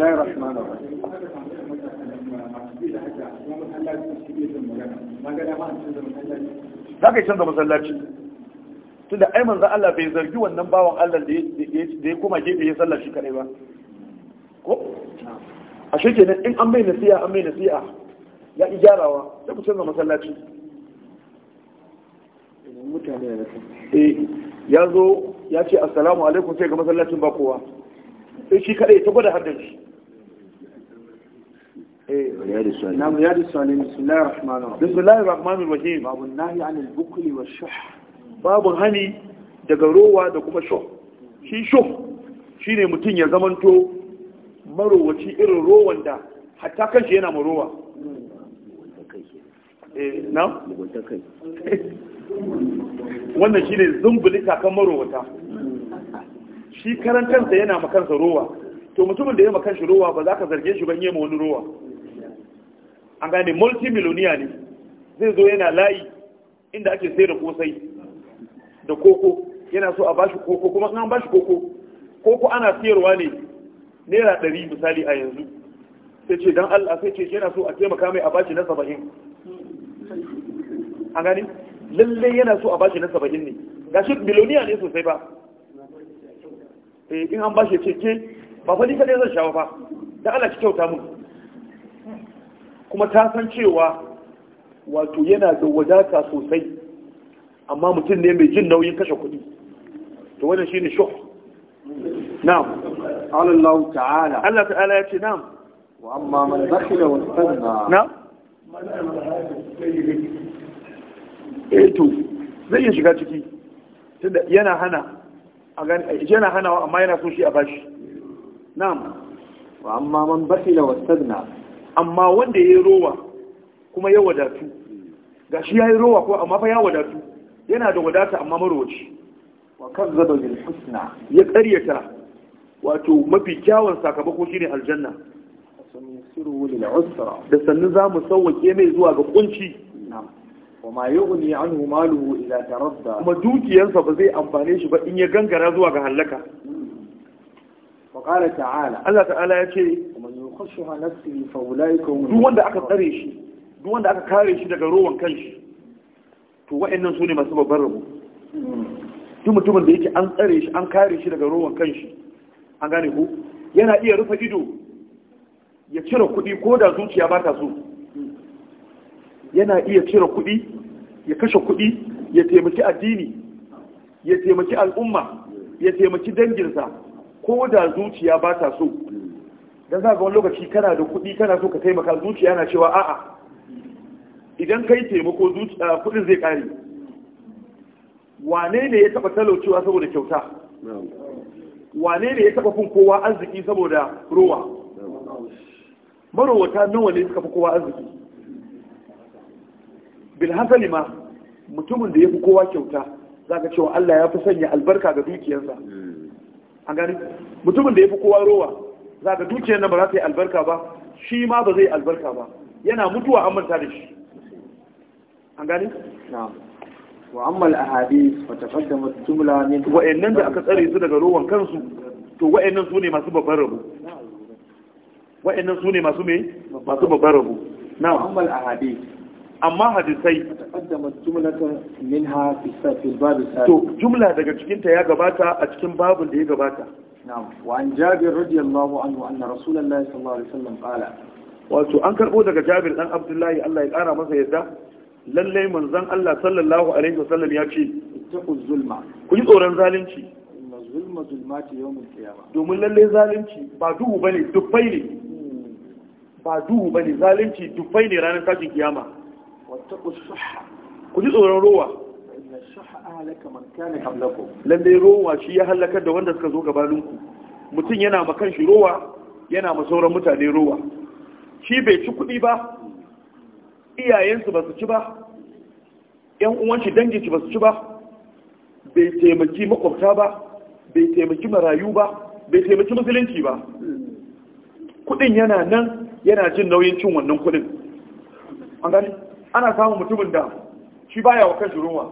za ka yi canza masallaci tunda ai manzo Allah bai zargi wannan bawan Allah da ya koma gefe ya sallar shi kadai ba ko a shekenan in an bai nasiha an bai nasiha ya ki gyarawa sai ku canza masallaci mutane eh, ya zo ya ce assalamu alaikum sai ga masallacin ba kowa sai shi kadai ta gwada da shi نعم رياض الصالحين بسم الله الرحمن الرحيم بسم الله الرحمن الرحيم باب النهي عن البكل والشح babu hani daga rowa da kuma shof shi shof shi ne mutum ya zamanto marowaci irin rowan da hatta kanshi yana marowa eh, wannan shi ne zumbuli kakan marowata shi karantarsa yana makansa rowa to mutumin da ya makanshi rowa ba za ka zarge shi ban yi ma wani rowa an gane multimiloniya ne zai zo yana layi inda ake sai da kosai da koko yana so a bashi koko kuma an bashi koko koko ana siyarwa ne naira ɗari misali a yanzu sai ce don Allah sai ce yana so a taimaka mai a bashi na saba'in a gani lalle yana so a bashi na saba'in ne shi miloniya ne sosai ba eh, in an bashi ce ba fa ni kadai zan shawo ba da Allah ki kyauta mun kuma ta san cewa wato yana da wadata sosai amma mutum ne mai jin nauyin kashe kuɗi to wannan shine shuh na'am Allah ta'ala Allah ta'ala ya ce na'am wa amma man dakhala wa istanna na'am eh to zai shiga ciki tunda yana hana a gani yana hanawa amma yana so shi a bashi na'am wa amma man dakhala wa istanna amma wanda yayi rowa kuma ya wadatu gashi yayi rowa ko amma fa ya wadatu yana da wadata amma maroci wa kan zaba bil husna ya karyata wato mafi kyawun sakamako shine aljanna sanyusiru lil usra da sannu za mu sauwake mai zuwa ga kunci wa ma yughni anhu maluhu ila taradda kuma dukiyarsa ba zai amfane shi ba in ya gangara zuwa ga halaka wa qala ta'ala Allah ta'ala yace man yukhshu nafsihi fa ulaika hum duk wanda aka tsare shi duk wanda aka kare shi daga rowan kanshi to wa'annan su ne masu babban rabo duk mutumin da yake an tsare shi an kare shi daga rowan kanshi an gane ku yana iya rufe ido ya cire kuɗi ko da zuciya ba ta so yana iya cire kuɗi ya kashe kuɗi ya taimaki addini ya taimaki al'umma ya taimaki danginsa ko da zuciya ba ta so don za ga wani lokaci kana da kuɗi kana so ka taimaka zuciya na cewa a'a idan kai taimako ah, kudin zai kare wane ne ya taba talaucewa saboda kyauta wane ne ya taba fin kowa arziki saboda rowa marowata nawa ne suka fi kowa arziki bilhassali ma mutumin da ya fi kowa kyauta za ka cewa Allah ya fi sanya albarka ga dukiyarsa hmm. an gani mutumin da ya fi kowa rowa za ka dukiyar nan ba za ta yi albarka ba shi ma ba zai albarka ba yana mutuwa an manta da shi an gane wa ammal taqaddamat jumla min wa'annan da aka tsare su daga ruwan kansu to wa'annan su ne masu babbar rabo wa'annan masu me masu babbar ammal amma hadisai to jumla daga cikinta ya gabata a cikin babun da ya gabata وعن wato an karbo daga Jabir dan Abdullahi Allah ya kara masa yadda lallai manzon Allah sallallahu alaihi wasallam ya ce taqul zulma ku yi tsoron zalunci zulma zulmati yawmul qiyamah domin lallai zalunci ba duhu bane dufai ne hmm. ba duhu bane zalunci dufai ne ranar tashin kiyama wattaqus shuhha ku yi tsoron rowa inna shuhha ahlaka man kana qablakum lallai rowa shi ya halaka da wanda suka zo gabaninku mutum yana makan shi rowa yana ma sauran mutane rowa shi bai ci kuɗi ba iyayensu ba su ci ba yan uwanshi danginsu ba su ci ba bai taimaki makwabta ba bai taimaki marayu ba bai taimaki musulunci ba kudin yana nan yana jin nauyin cin wannan kudin an gani ana samun mutumin da shi baya wa kanshi ruwa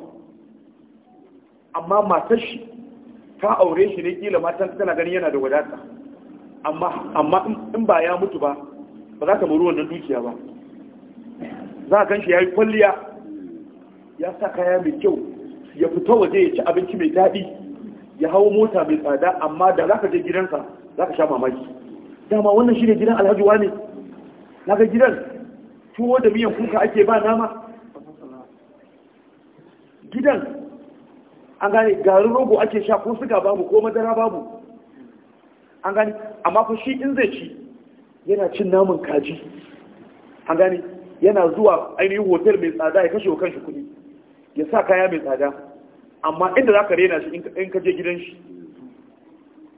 amma matar shi ta aure shi ne kila matan tana gani yana da wadata amma in ba ya mutu ba ba za ka mu dukiya ba za a kanshi ya yi kwalliya ya sa kaya mai kyau ya fito waje ya ci abinci mai daɗi ya hau mota mai tsada amma da za ka je gidansa za ka sha mamaki dama wannan shi ne gidan alhaji wane na ga gidan tuwo da miyan kuka ake ba nama gidan an gane garin rogo ake sha ko suga babu ko madara babu an gane amma fa shi in zai ci yana cin naman kaji an gane yana zuwa ainihin hotel mai tsada ya kashe wa kanshi kuɗi ya sa kaya mai tsada amma inda za ka rena shi in ka je gidan shi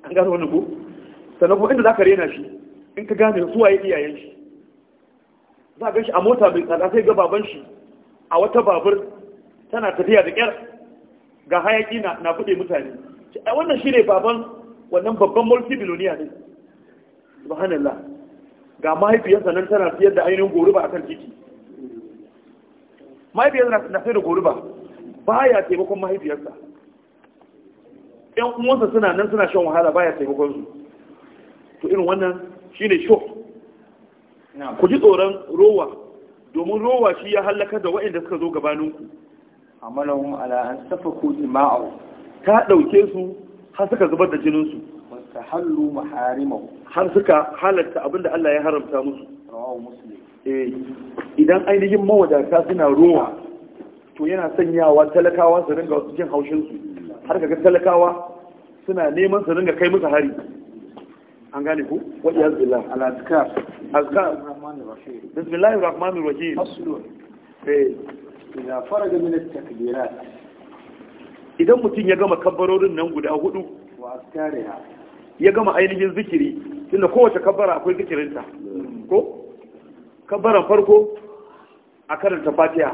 an gano wani ko sannan kuma inda za ka rena shi in ka gane suwa ya iyayen shi za a ganshi. a mota mai tsada sai ga baban shi a wata babur tana tafiya da kyar ga hayaki na kuɗe mutane wannan shi ne baban wannan babban multi-miloniya ne subhanallah ga mahaifiyarsa nan tana siyar da ainihin goruba a kan titi mahaifiyarsa na sayar da goruba ba ya taimakon mahaifiyarsa ɗan uwansa suna nan suna shan wahala ba ya taimakon su to irin wannan shi ne sho ku ji tsoron rowa domin rowa shi ya hallaka da waɗanda suka zo gabaninku amalahum ala an safaku ima'u ta ɗauke su har suka zubar da jininsu hallu maharimahu har suka halatta abinda Allah ya haramta musu rawahu muslim eh idan ainihin mawadata suna ruwa to yana sanyawa talakawa su ringa jin haushin su har kaga talakawa suna neman su ringa kai musu hari an gane ku wa iyaz billah al azkar bismillahir rahmanir rahim eh idan min at takbirat idan mutum ya gama kabbarorin nan guda hudu wa ya gama ainihin zikiri tunda kowace kabbara akwai zikirinta ko kabbaran farko a karanta fatiha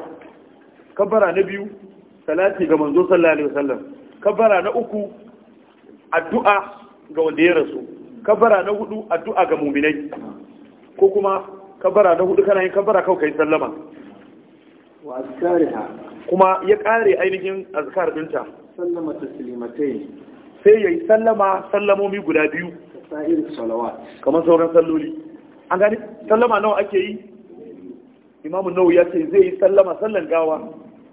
kabbara na biyu salati ga manzo sallallahu alaihi wasallam kabbara na uku addu'a ga wanda ya rasu kabbara na hudu addu'a ga mu'minai ko kuma kabbara na hudu kana yin kabbara kawai kai sallama wa azkariha kuma ya kare ainihin azkar dinta sallama taslimatai sai ya yi sallama sallamomi guda biyu kamar sauran salloli an gani sallama nawa ake yi imamun nawa ya ce zai yi sallama sallan gawa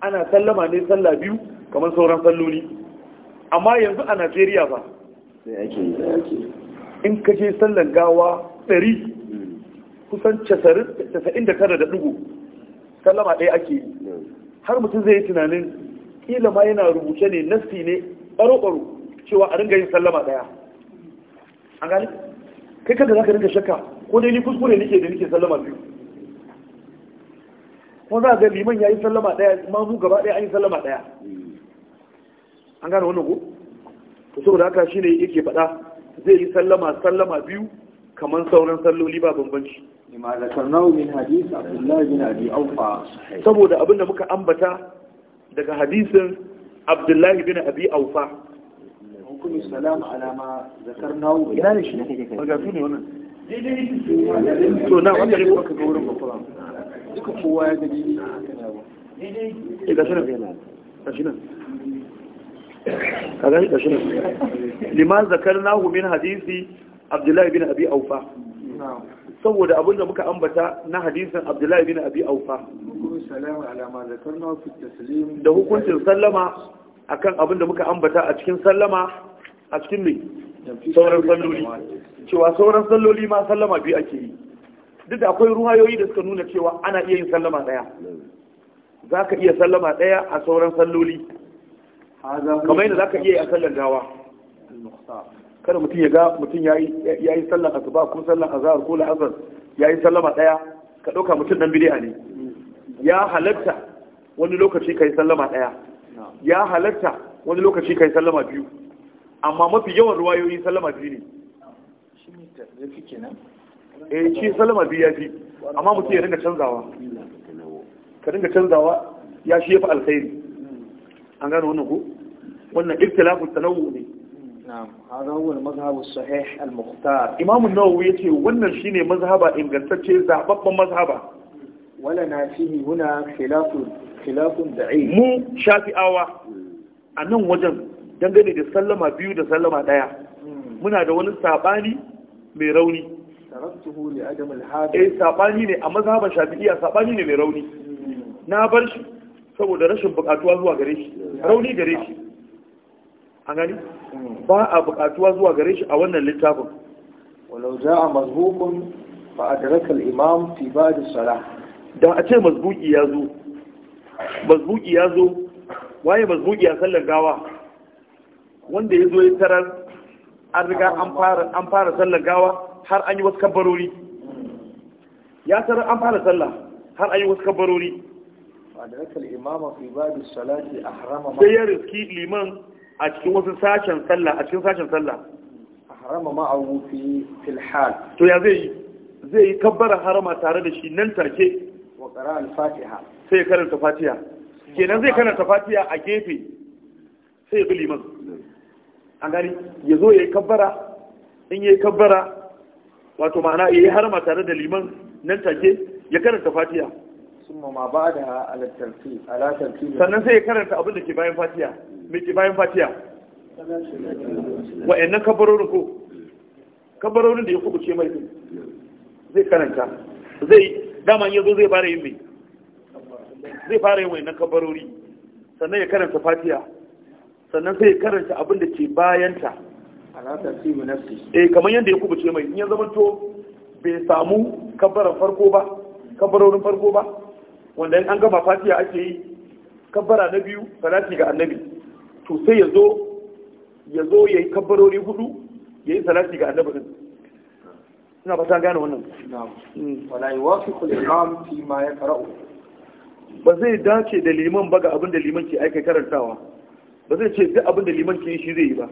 ana sallama ne salla biyu kamar sauran salloli amma yanzu a nigeria ba in ka je sallan gawa ɗari hmm. kusan casa'in da tara da ɗigo sallama ɗaya ake yi hmm. har mutum zai yi tunanin ƙila ma yana rubuce ne nasti ne ɓaro-ɓaro cewa a ringa yin sallama daya an gani kai kada zaka ringa shakka ko dai ni kuskure nake da nake sallama biyu ko za ga liman yayi sallama daya mamu gaba daya an yi sallama daya an gane wannan ko to saboda haka shine yake faɗa zai yi sallama sallama biyu kamar sauran salloli ba bambanci da zakarnahu min hadith Abdullah bin Abi Awfa saboda abinda muka ambata daga hadisin Abdullahi bin Abi Aufa حكم السلام على ما ذكرناه لا ليش رجعتوني هنا to nan wanda ne kuka ga wurin bakura duka kowa ya gani ne ga shi nan ga shi nan kaga ga shi nan liman zakarnahu min hadisi abdullahi bin abi aufa saboda abinda muka ambata na hadisin abdullahi bin abi aufa da hukuncin sallama akan abinda muka ambata a cikin sallama a cikin mai sauran salloli cewa sauran salloli ma sallama biyu ake yi duk da akwai ruhayoyi da suka nuna cewa ana iya yin sallama ɗaya za ka iya sallama ɗaya a sauran salloli kamar yadda za ka iya yi a sallar gawa kada mutum ya ga mutum ya yi sallar asuba ko sallar azahar ko la'azar ya yi sallama ɗaya ka ɗauka mutum ɗan bidiya ne ya halatta wani lokaci ka yi sallama ɗaya ya halatta wani lokaci ka yi sallama biyu amma mafi yawan ruwayoyi salama biyu ne eh shi salama biyu ya fi amma mutum ya dinga canzawa ka dinga canzawa ya shi fi alkhairi an gano wannan ku. wannan ikhtilafu tanawu ne na'am hada sahih al-mukhtar imam an ya yace wannan shine mazhaba ingantacce zababban mazhaba wala na fihi huna khilafun mu shafi'awa a nan wajen dangane da sallama biyu da sallama ɗaya hmm. muna da wani saɓani mai rauni eh saɓani ne a mazhaban shafi'i saɓani ne mai rauni hmm. na bar shi saboda rashin buƙatuwa zuwa gare shi hmm. rauni gare shi an gani ba a buƙatuwa zuwa gare shi a wannan littafin walau za'a mazhubun fa adraka al-imam fi ba'd as-salah da a ce mazbuki ya zo mazbuki ya zo waye mazbuki ya sallar gawa wanda ya zo ya tarar an riga an fara sallar gawa har an yi wasu kabbarori ya tarar an fara sallah har an yi wasu kabbarori sai ya riski liman a cikin wasu sashen sallah a cikin sashen sallah harama ma a wufi filhal to ya zai zai yi kabbara harama tare da shi nan take wa kara al fatiha sai karanta fatiha kenan zai karanta fatiha a gefe sai ya bi liman a gani ya zo ya yi kabbara in ya yi kabbara wato ma'ana ya yi harma tare da liman nan take ya karanta fatiya sannan sai ya karanta abin da ke bayan fatiya mai ke bayan fatiya wa'annan kabbarorin ko kabbarorin da ya kubuce mai zai karanta zai ya yanzu zai fara yin mai zai fara yin wa'annan kabbarori sannan ya karanta fatiya sannan sai ya karanta abin da ke bayanta eh kamar yadda ya kubuce mai yin ya zama to bai samu kabbarar farko ba kabbarorin farko ba wanda in an gama fatiya ake yi kabbara na biyu salati ga annabi to sai ya zo ya zo ya yi kabbarori hudu ya yi salati ga annabi din ina fata gane wannan mm. fi ma ba zai dace da liman ba ga abin da liman ke aika karantawa ba zai ce duk abin da liman ke shi zai yi ba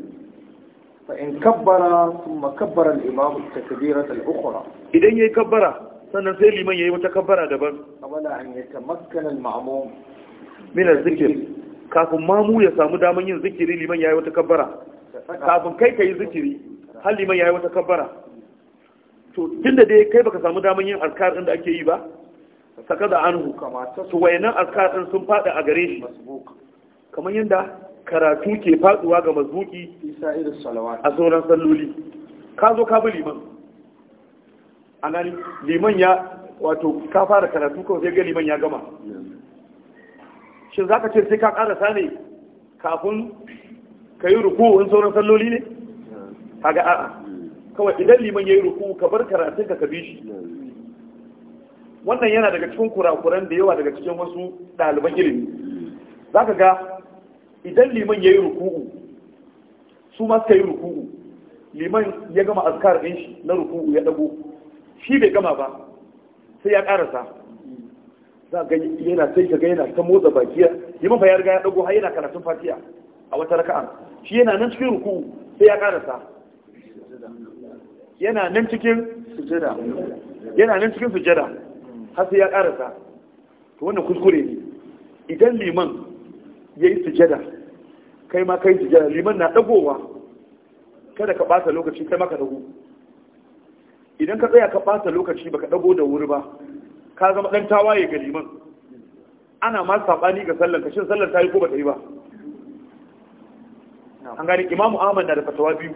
fa in kabbara kuma kabbara al-imam takbirat al-ukhra idan yayi kabbara sannan sai liman yayi wata kabbara daban Kamar an yatamakkana al-ma'mum min az-zikr kafin mamu ya samu daman yin zikiri liman yayi wata kabbara kafin kai kai zikiri har liman yayi wata kabbara to tunda dai kai baka samu daman yin alkar din da ake yi ba saka da anhu kamata to wayannan alkar din sun fada a gare shi kamar yanda karatu ke faduwa ga mazuki a sauran salloli ka zo ka bi liman a nan liman ya wato ka fara karatu kawai sai ga liman ya gama shin za ka ce sai ka karasa ne kafin ka yi ruku in sauran salloli ne ga a'a kawai idan liman ya yi ruku ka bar karatun ka bi shi wannan yana daga cikin kurakuran da yawa daga cikin wasu ɗaliban ilimi za ka ga idan liman ya yi ruku'u su ma suka yi ruku'u liman ya gama azkar ɗin shi na ruku'u ya dago shi bai gama ba sai ya ƙarasa za ga yana sai ka yana ta motsa bakiya liman fa ya riga ya dago har yana karatun fatiya a wata raka'a shi yana nan cikin ruku'u sai ya ƙarasa yana nan cikin sujada yana nan cikin sujada har sai ya ƙarasa to wannan kuskure ne idan liman ya yi sujada kai ma kai sujada liman na dagowa kada ka bata lokaci kai ma ka dago idan ka tsaya ka bata lokaci baka dago da wuri ba ka zama dan tawaye ga liman ana ma sabani ga sallan ka shin sallar ta yi ko ba ta yi ba an gani imamu ahmad na da fatawa biyu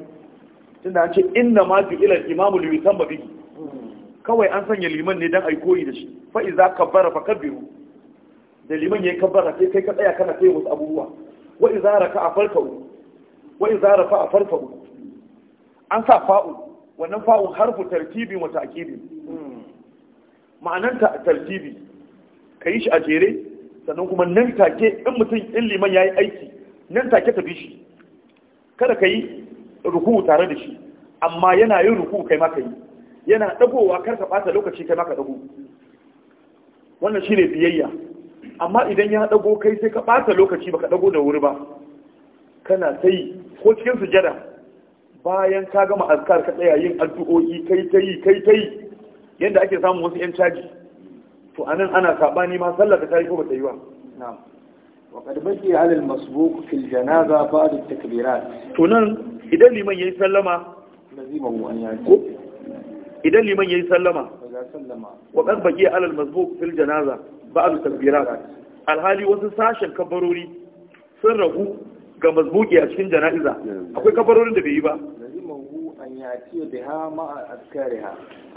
tunda an ce inna ma ju'ilal imamu li yusamma biyu? Hmm. kawai an sanya liman ne dan ai koyi da shi fa iza kabbara fa kabbiru da liman yayi kabbara sai kai ka tsaya kana sai wasu abubuwa wa idza raka'a farka'u wa an sa fa'u wannan fa'un harfu tartibi wa ta'kibi ma’ananta tartibi kai shi a jere sannan kuma nan take in mutum in liman yayi aiki nan take ta bi shi kada ka yi ruku tare da shi amma yana yin ruku kai maka yi yana dagowa karka ka bata lokaci kai maka dago wannan shine biyayya amma idan ya dago kai sai ka ɓata lokaci baka dago da wuri ba kana sai ko cikin sujada bayan ka gama azkar ka tsaya yin addu'o'i kai ta yi kai ta yi yadda ake samun wasu 'yan caji to anan ana saɓani ma sallar da ta yi ko ba ta yi ba na'am وقد بقي على المسبوق في الجنازة بعض التكبيرات تنان إذا لمن يسلم لزمه أن يعجب إذا لمن يسلم وقد ba'adu ba alhali wasu sashen kabarori sun ragu ga mazbuki a cikin jana'iza akwai kabarorin da bai yi ba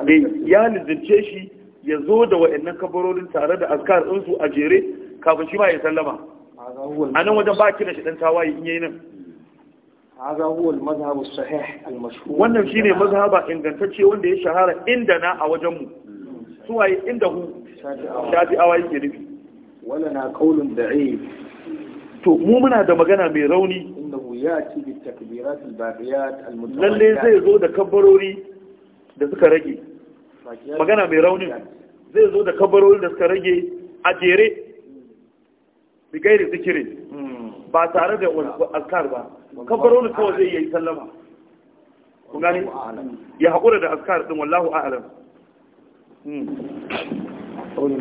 eh, ya lizince shi ya zo da wa'annan kabarorin tare da askar ɗinsu a jere kafin shi ma ya sallama a nan wajen ba da shi ɗan tawaye in yi nan Wannan shi ne mazhaba ingantacce wanda ya shahara inda na a Su waye inda hu shafi'awa yake nufi wala na qaulun da'if to mu muna da magana mai rauni innahu bi baqiyat lalle zai zo da kabbarori da suka rage magana mai rauni zai zo da kabbarori da suka rage a jere hmm. bi gairi zikirin hmm. ba tare da askar ba kabbarori kawai zai yi sallama kun gani ya haƙura da askar, din wallahu a'lam hmm. قول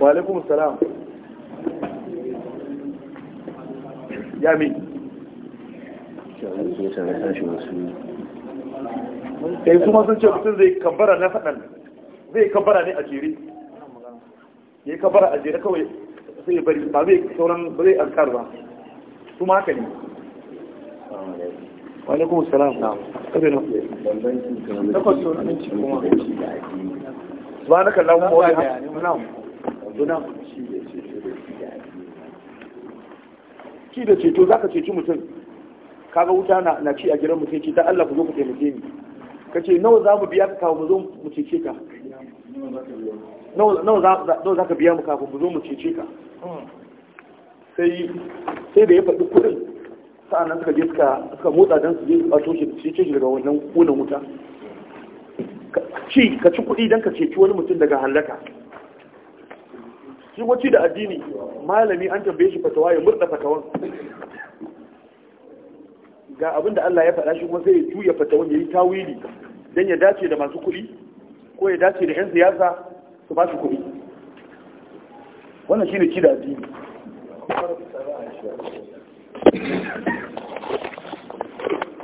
وعليكم السلام يا مين kai su sun ce mutum zai kambara na faɗan zai kambara ne a jere ya yi kambara a jere kawai sai bari ba zai sauran ba zai alkar ba su ma haka ne wa alaikum salam na kabe na takwas sauran ci kuma subhanaka allahumma wa bihamdika ki da ceto ka ceci mutum kaga wuta na na ci a gidan mutum ce dan Allah ku zo ku taimake ni ce nawa za mu biya ka kawo mu zo mu cece ka nawa za ka biya mu kafin mu zo mu cece ka sai sai da ya faɗi kuɗin nan suka je suka motsa don su je su ɓato shi su cece shi daga wannan kunan wuta ci ka ci kuɗi don ka ceci wani mutum daga hallaka shi wacce da addini malami an tambaye shi fatawa ya murda fatawan ga abin da Allah ya faɗa shi kuma sai ya juya fatawan ya yi tawili don ya dace da masu kuɗi ko ya dace da 'yan siyasa su ba su kuɗi wannan shi ne ci da addini